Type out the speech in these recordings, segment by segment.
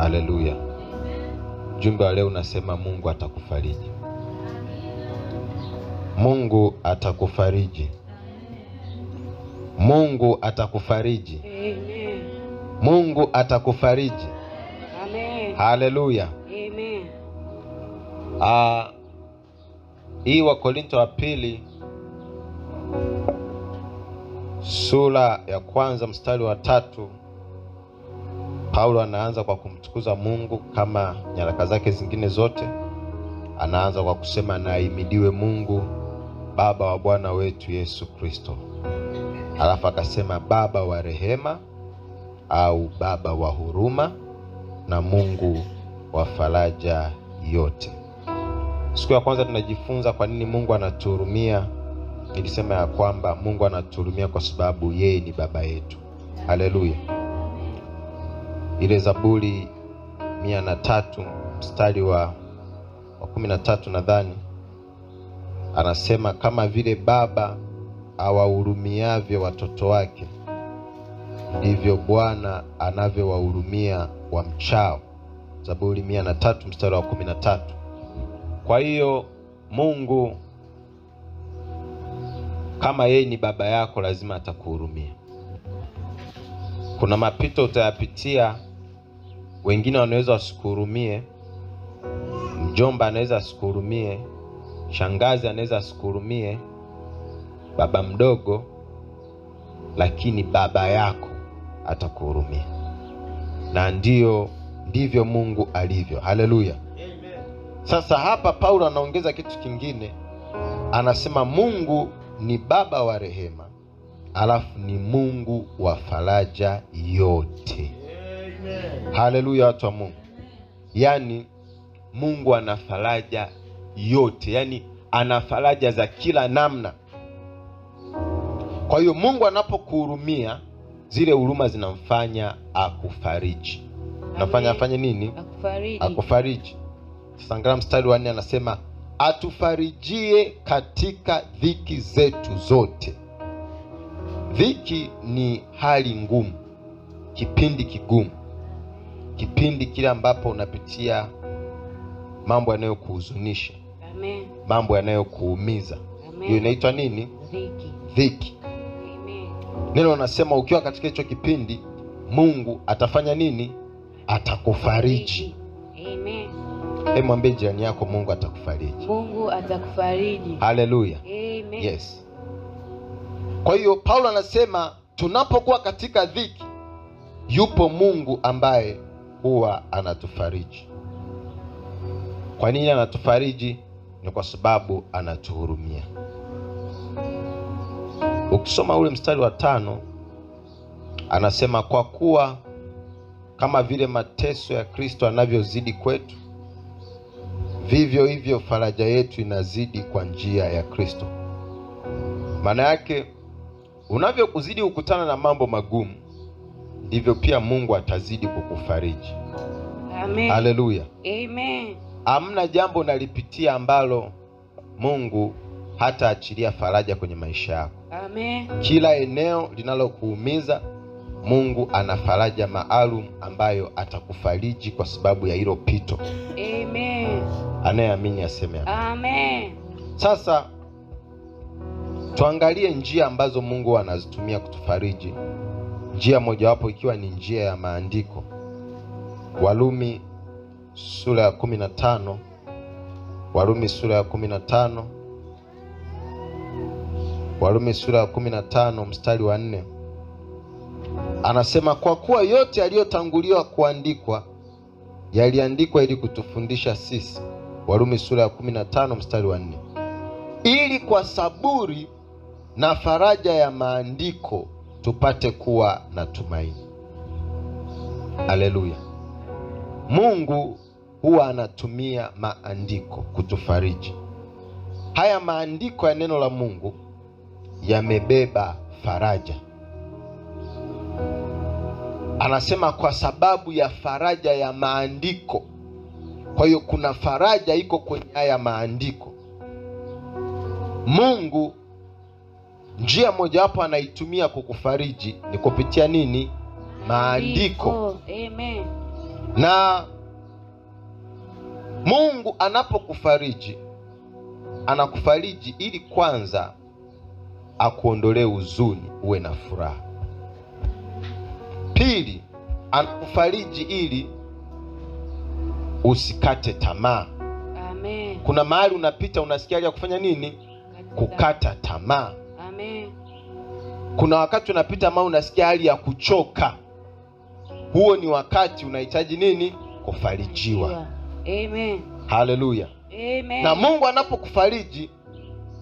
Haleluya. Jumbe wa leo unasema Mungu atakufariji. Mungu atakufariji. Mungu atakufariji. Mungu atakufariji. Amen. Haleluya. Amen. Ah, hii wa Korinto wa pili sura ya kwanza mstari wa tatu Paulo anaanza kwa kumtukuza Mungu kama nyaraka zake zingine zote. Anaanza kwa kusema na Mungu Baba wa Bwana wetu Yesu Kristo, alafu akasema Baba wa rehema au Baba wa huruma na Mungu wa faraja yote. Siku ya kwanza tunajifunza kwa nini Mungu anatuhurumia. Nilisema ya kwamba Mungu anatuhurumia kwa sababu yeye ni baba yetu. Haleluya! ile Zaburi mia na tatu mstari wa kumi na tatu nadhani anasema kama vile baba awahurumiavyo watoto wake ndivyo Bwana anavyowahurumia wa mchao. Zaburi mia na tatu mstari wa kumi na tatu. Kwa hiyo Mungu kama yeye ni baba yako lazima atakuhurumia. Kuna mapito utayapitia wengine wanaweza wasikuhurumie, mjomba anaweza asikuhurumie, shangazi anaweza asikuhurumie, baba mdogo, lakini baba yako atakuhurumia. Na ndiyo ndivyo Mungu alivyo. Haleluya! Sasa hapa Paulo anaongeza kitu kingine, anasema Mungu ni baba wa rehema, alafu ni Mungu wa faraja yote. Haleluya, watu wa Mungu. Yaani Mungu ana faraja yote, yaani ana faraja za kila namna. Kwa hiyo Mungu anapokuhurumia, zile huruma zinamfanya akufariji, nafanya afanye nini? Akufariji. akufariji. angalia mstari wa nne, anasema atufarijie katika dhiki zetu zote. Dhiki ni hali ngumu, kipindi kigumu kipindi kile ambapo unapitia mambo yanayokuhuzunisha, mambo yanayokuumiza, hiyo inaitwa nini? Dhiki, Neno unasema ukiwa katika hicho kipindi Mungu atafanya nini? Atakufariji. e Mwambie jirani yako, Mungu atakufariji. Mungu atakufariji. Haleluya, yes. Kwa hiyo Paulo anasema tunapokuwa katika dhiki, yupo Mungu ambaye huwa anatufariji. Kwa nini anatufariji? Ni kwa sababu anatuhurumia. Ukisoma ule mstari wa tano anasema kwa kuwa kama vile mateso ya Kristo anavyozidi kwetu, vivyo hivyo faraja yetu inazidi kwa njia ya Kristo. Maana yake unavyozidi kukutana na mambo magumu ndivyo pia Mungu atazidi kukufariji. Amen. Haleluya. Amen. Hamna jambo nalipitia ambalo Mungu hataachilia faraja kwenye maisha yako. Amen. Kila eneo linalokuumiza Mungu ana faraja maalum ambayo atakufariji kwa sababu ya hilo pito. Amen. Anayeamini aseme amen. Sasa tuangalie njia ambazo Mungu anazitumia kutufariji njia mojawapo ikiwa ni njia ya maandiko. Warumi sura ya kumi na tano Warumi sura ya kumi na tano Warumi sura ya kumi na tano mstari wa nne anasema kwa kuwa yote yaliyotanguliwa kuandikwa yaliandikwa ili kutufundisha sisi. Warumi sura ya kumi na tano mstari wa nne ili kwa saburi na faraja ya maandiko tupate kuwa na tumaini. aleluya Mungu huwa anatumia maandiko kutufariji. Haya maandiko ya neno la Mungu yamebeba faraja. Anasema kwa sababu ya faraja ya maandiko. Kwa hiyo kuna faraja iko kwenye haya maandiko. Mungu Njia mojawapo anaitumia kukufariji ni kupitia nini? Maandiko. Amen. Na Mungu anapokufariji anakufariji ili kwanza akuondolee huzuni, uwe na furaha. Pili, anakufariji ili usikate tamaa. Amen. Kuna mahali unapita unasikia ya kufanya nini? Kukata tamaa. Kuna wakati unapita ama unasikia hali ya kuchoka, huo ni wakati unahitaji nini? Kufarijiwa. Amen. Haleluya. Amen. Na Mungu anapokufariji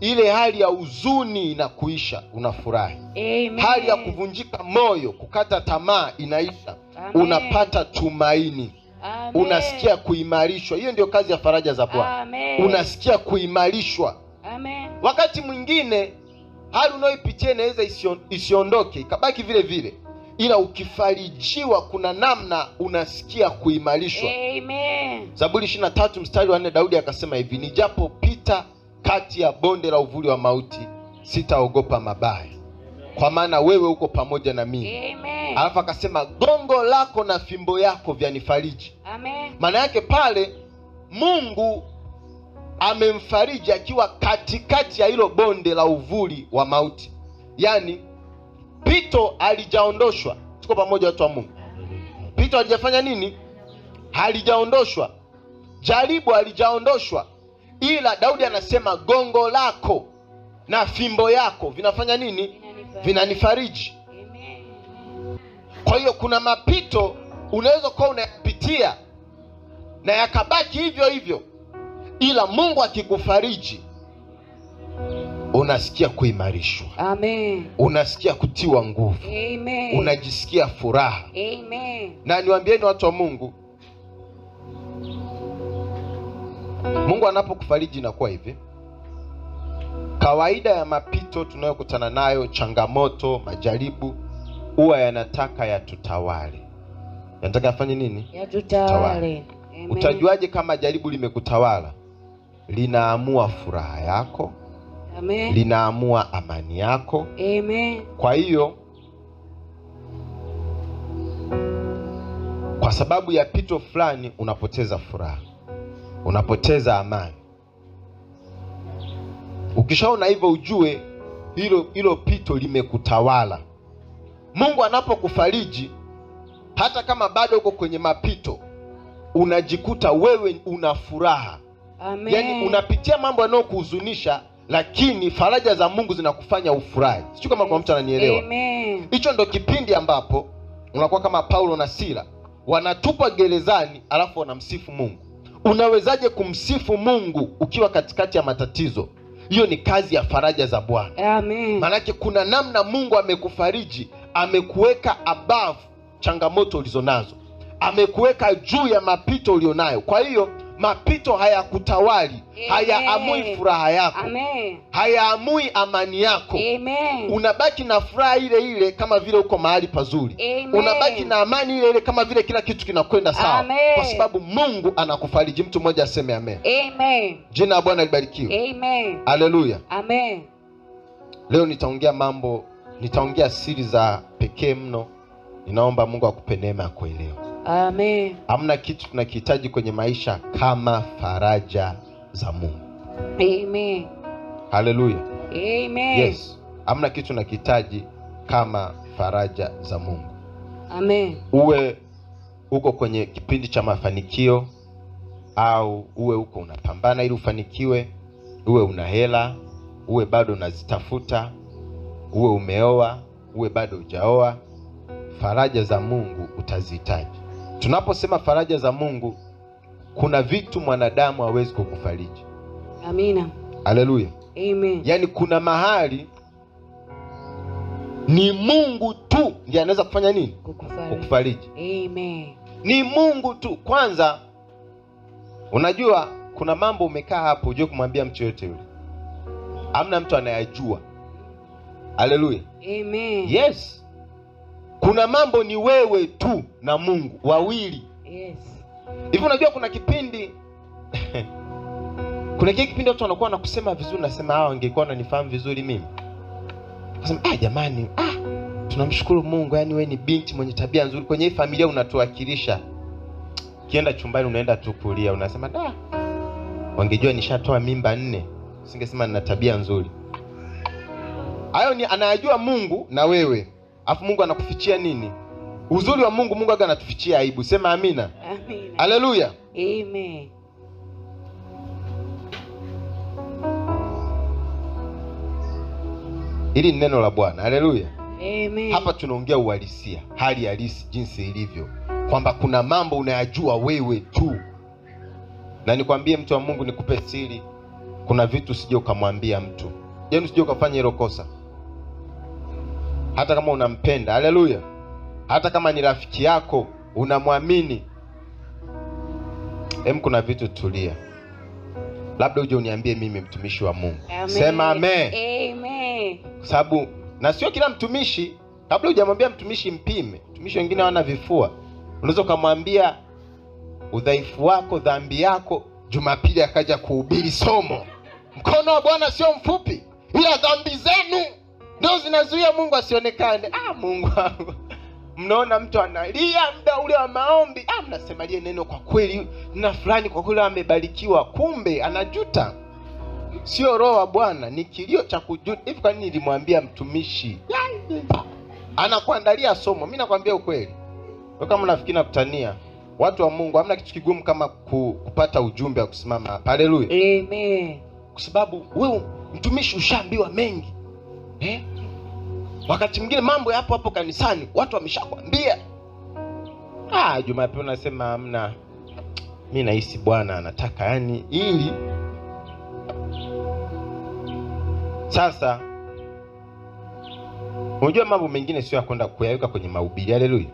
ile hali ya huzuni inakuisha, unafurahi. Amen. Hali ya kuvunjika moyo, kukata tamaa inaisha. Amen. Unapata tumaini. Amen. Unasikia kuimarishwa. Hiyo ndio kazi ya faraja za Bwana. Unasikia kuimarishwa. Amen. Wakati mwingine hali unayoipitia inaweza isiondoke ikabaki vile vile, ila ukifarijiwa, kuna namna unasikia kuimarishwa. Amen. Zaburi 23 mstari wa nne Daudi akasema hivi, nijapopita kati ya bonde la uvuli wa mauti sitaogopa mabaya, kwa maana wewe uko pamoja na mimi. Amen. Alafu akasema gongo lako na fimbo yako vyanifariji. Amen. Maana yake pale Mungu amemfariji akiwa katikati ya hilo bonde la uvuli wa mauti, yaani pito alijaondoshwa Tuko pamoja, watu wa Mungu? Pito alijafanya nini? Halijaondoshwa, jaribu halijaondoshwa, ila Daudi anasema gongo lako na fimbo yako vinafanya nini? Vinanifariji. Kwa hiyo kuna mapito unaweza kuwa unayapitia na yakabaki hivyo hivyo ila Mungu akikufariji unasikia kuimarishwa, amen. Unasikia kutiwa nguvu, amen. Unajisikia furaha, amen. Na niwaambieni watu wa Mungu, Mungu anapokufariji inakuwa hivi. Kawaida ya mapito tunayokutana nayo, changamoto, majaribu, huwa yanataka yatutawale. Yanataka yafanye nini? Yatutawale. Utajuaje kama jaribu limekutawala? linaamua furaha yako Amen. Linaamua amani yako Amen. Kwa hiyo kwa sababu ya pito fulani unapoteza furaha, unapoteza amani. Ukishaona hivyo, ujue hilo hilo pito limekutawala. Mungu anapokufariji hata kama bado uko kwenye mapito, unajikuta wewe una furaha. Yaani Amen. Yani unapitia mambo yanayokuhuzunisha lakini faraja za Mungu zinakufanya ufurahi. Sijui kama kuna mtu ananielewa. Hicho ndo kipindi ambapo unakuwa kama Paulo na Sila wanatupwa gerezani, alafu wanamsifu Mungu. Unawezaje kumsifu Mungu ukiwa katikati ya matatizo? Hiyo ni kazi ya faraja za Bwana. Amen. Maanake kuna namna Mungu amekufariji, amekuweka above changamoto ulizonazo, amekuweka juu ya mapito ulionayo. Kwa hiyo Mapito hayakutawali, hayaamui furaha yako, hayaamui amani yako. Amen. Unabaki na furaha ile ile kama vile uko mahali pazuri. Amen. Unabaki na amani ile ile kama vile kila kitu kinakwenda sawa, kwa sababu Mungu anakufariji. Mtu mmoja aseme amen. Amen. Jina la Bwana libarikiwe. Amen. Haleluya. Amen. Leo nitaongea mambo, nitaongea siri za pekee mno. Ninaomba Mungu akupe neema ya kuelewa. Amen. Hamna kitu tunakihitaji kwenye maisha kama faraja za Mungu. Amen. Haleluya. Amen. Yes. Hamna kitu tunakihitaji kama faraja za Mungu. Amen. Uwe uko kwenye kipindi cha mafanikio au uwe uko unapambana ili ufanikiwe, uwe una hela, uwe bado unazitafuta, uwe umeoa, uwe bado hujaoa, faraja za Mungu utazihitaji. Tunaposema faraja za Mungu, kuna vitu mwanadamu hawezi kukufariji. Amina, haleluya, amen. Yaani kuna mahali ni Mungu tu ndiye anaweza kufanya nini? Kukufariji, kukufariji. Amen. Ni Mungu tu. Kwanza unajua kuna mambo umekaa hapo ujue kumwambia mtu yote yule, hamna mtu anayajua. Haleluya, amen. Yes kuna mambo ni wewe tu na Mungu wawili yes. Hivi unajua kuna kipindi kuna kile kipindi watu wanakuwa nakusema vizuri, nasema hao ah, wangekuwa wananifahamu vizuri mimi. Nasema ah, jamani ah, tunamshukuru Mungu, yaani wewe ni binti mwenye tabia nzuri, kwenye hii familia unatuwakilisha. Kienda chumbani unaenda tu kulia, unasema da, wangejua nishatoa mimba nne, singesema nina tabia nzuri. Hayo ni anayajua Mungu na wewe Alafu Mungu anakufichia nini? Uzuri wa Mungu, Mungu aga anatufichia aibu. Sema amina, amina. Aleluya. amen. Hili ni neno la Bwana. Haleluya, amen. Hapa tunaongea uhalisia, hali halisi jinsi ilivyo, kwamba kuna mambo unayajua wewe tu, na nikwambie mtu wa Mungu, nikupe siri, kuna vitu usije ukamwambia mtu, yaani usije ukafanya hilo kosa hata kama unampenda. Haleluya! hata kama ni rafiki yako unamwamini. Hem, kuna vitu tulia, labda uje uniambie mimi, mtumishi wa Mungu. Amen. Sema amen, amen. sababu na sio kila mtumishi, kabla hujamwambia mtumishi mpime. Mtumishi wengine hawana vifua, unaweza ukamwambia udhaifu wako, dhambi yako, Jumapili akaja kuhubiri somo. Mkono wa Bwana sio mfupi, ila dhambi zenu ndio zinazuia Mungu asionekane. Ah, Mungu wangu mnaona mtu analia muda ule wa maombi, ah, mnasema neno kwa kweli na fulani kwa kweli amebarikiwa, kumbe anajuta. Sio roho wa Bwana, ni kilio cha kujuta. Hivi kwa nini nilimwambia mtumishi? Yaani, anakuandalia somo. mi nakwambia ukweli, kama nafikiri nakutania watu wa Mungu, hamna kitu kigumu kama kupata ujumbe wa kusimama hapa. Haleluya, amen. Kwa sababu wewe mtumishi ushaambiwa mengi eh? Wakati mwingine mambo yapo hapo kanisani, watu wameshakwambia. Ah, Jumapili nasema amna mi nahisi Bwana anataka yani ili sasa Unajua mambo mengine sio ya kwenda kuyaweka kwenye mahubiri. Haleluya.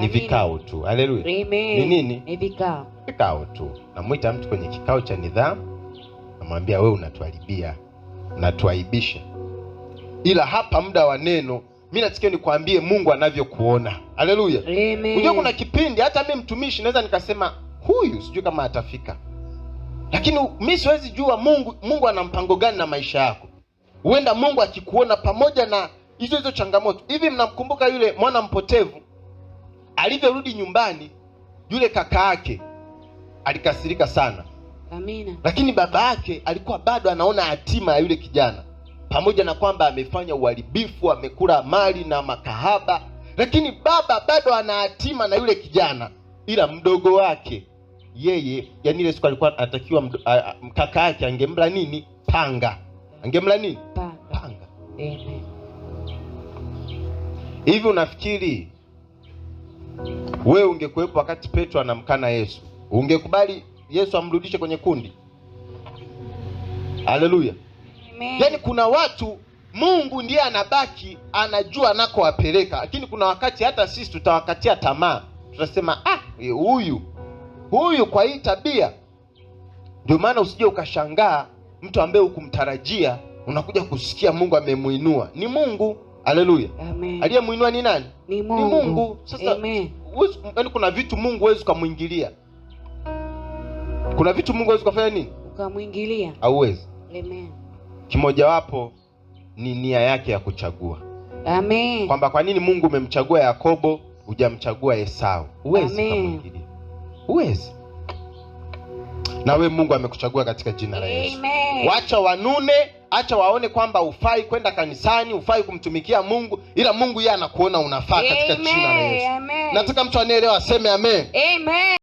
Ni vikao tu. Haleluya. Ni nini? Ni vikao. Vikao tu. Namwita mtu kwenye kikao cha nidhamu, namwambia wewe unatuharibia, unatuaibisha ila hapa muda wa neno mi natakiwa nikwambie Mungu anavyokuona. Haleluya, amen. kuna kipindi hata mi mtumishi naweza nikasema huyu sijui kama atafika, lakini mi siwezi jua Mungu Mungu ana mpango gani na maisha yako. Huenda Mungu akikuona pamoja na hizo hizo changamoto. Hivi mnamkumbuka yule mwana mpotevu alivyorudi nyumbani, yule kaka yake alikasirika sana. Amina. Lakini baba yake alikuwa bado anaona hatima ya yule kijana pamoja na kwamba amefanya uharibifu, amekula mali na makahaba, lakini baba bado ana hatima na yule kijana, ila mdogo wake yeye, yani ile siku alikuwa anatakiwa mkaka yake angemla nini? Panga. Angemla nini? Panga, panga. Hivi unafikiri wewe ungekuwepo wakati Petro anamkana Yesu, ungekubali Yesu amrudishe kwenye kundi? Haleluya! Amen. Yaani kuna watu Mungu ndiye anabaki anajua anakowapeleka, lakini kuna wakati hata sisi tutawakatia tamaa, tutasema ah, huyu huyu kwa hii tabia. Ndio maana usije ukashangaa mtu ambaye hukumtarajia unakuja kusikia Mungu amemwinua. Ni Mungu, haleluya. Aliyemwinua ni nani? Ni Mungu, ni Mungu. Sasa yaani kuna vitu Mungu huwezi ukamwingilia, kuna vitu Mungu huwezi ukafanya nini, ukamwingilia, hauwezi. Amen kimojawapo ni nia yake ya kuchagua. Amen. Kwamba kwa nini Mungu umemchagua Yakobo hujamchagua Esau? Huwezi huwezi. Na we Mungu amekuchagua katika jina la Yesu. Wacha wanune, acha waone kwamba ufai kwenda kanisani, ufai kumtumikia Mungu, ila Mungu yeye anakuona unafaa katika jina la Yesu. Nataka mtu anayeelewa aseme amen. Amen.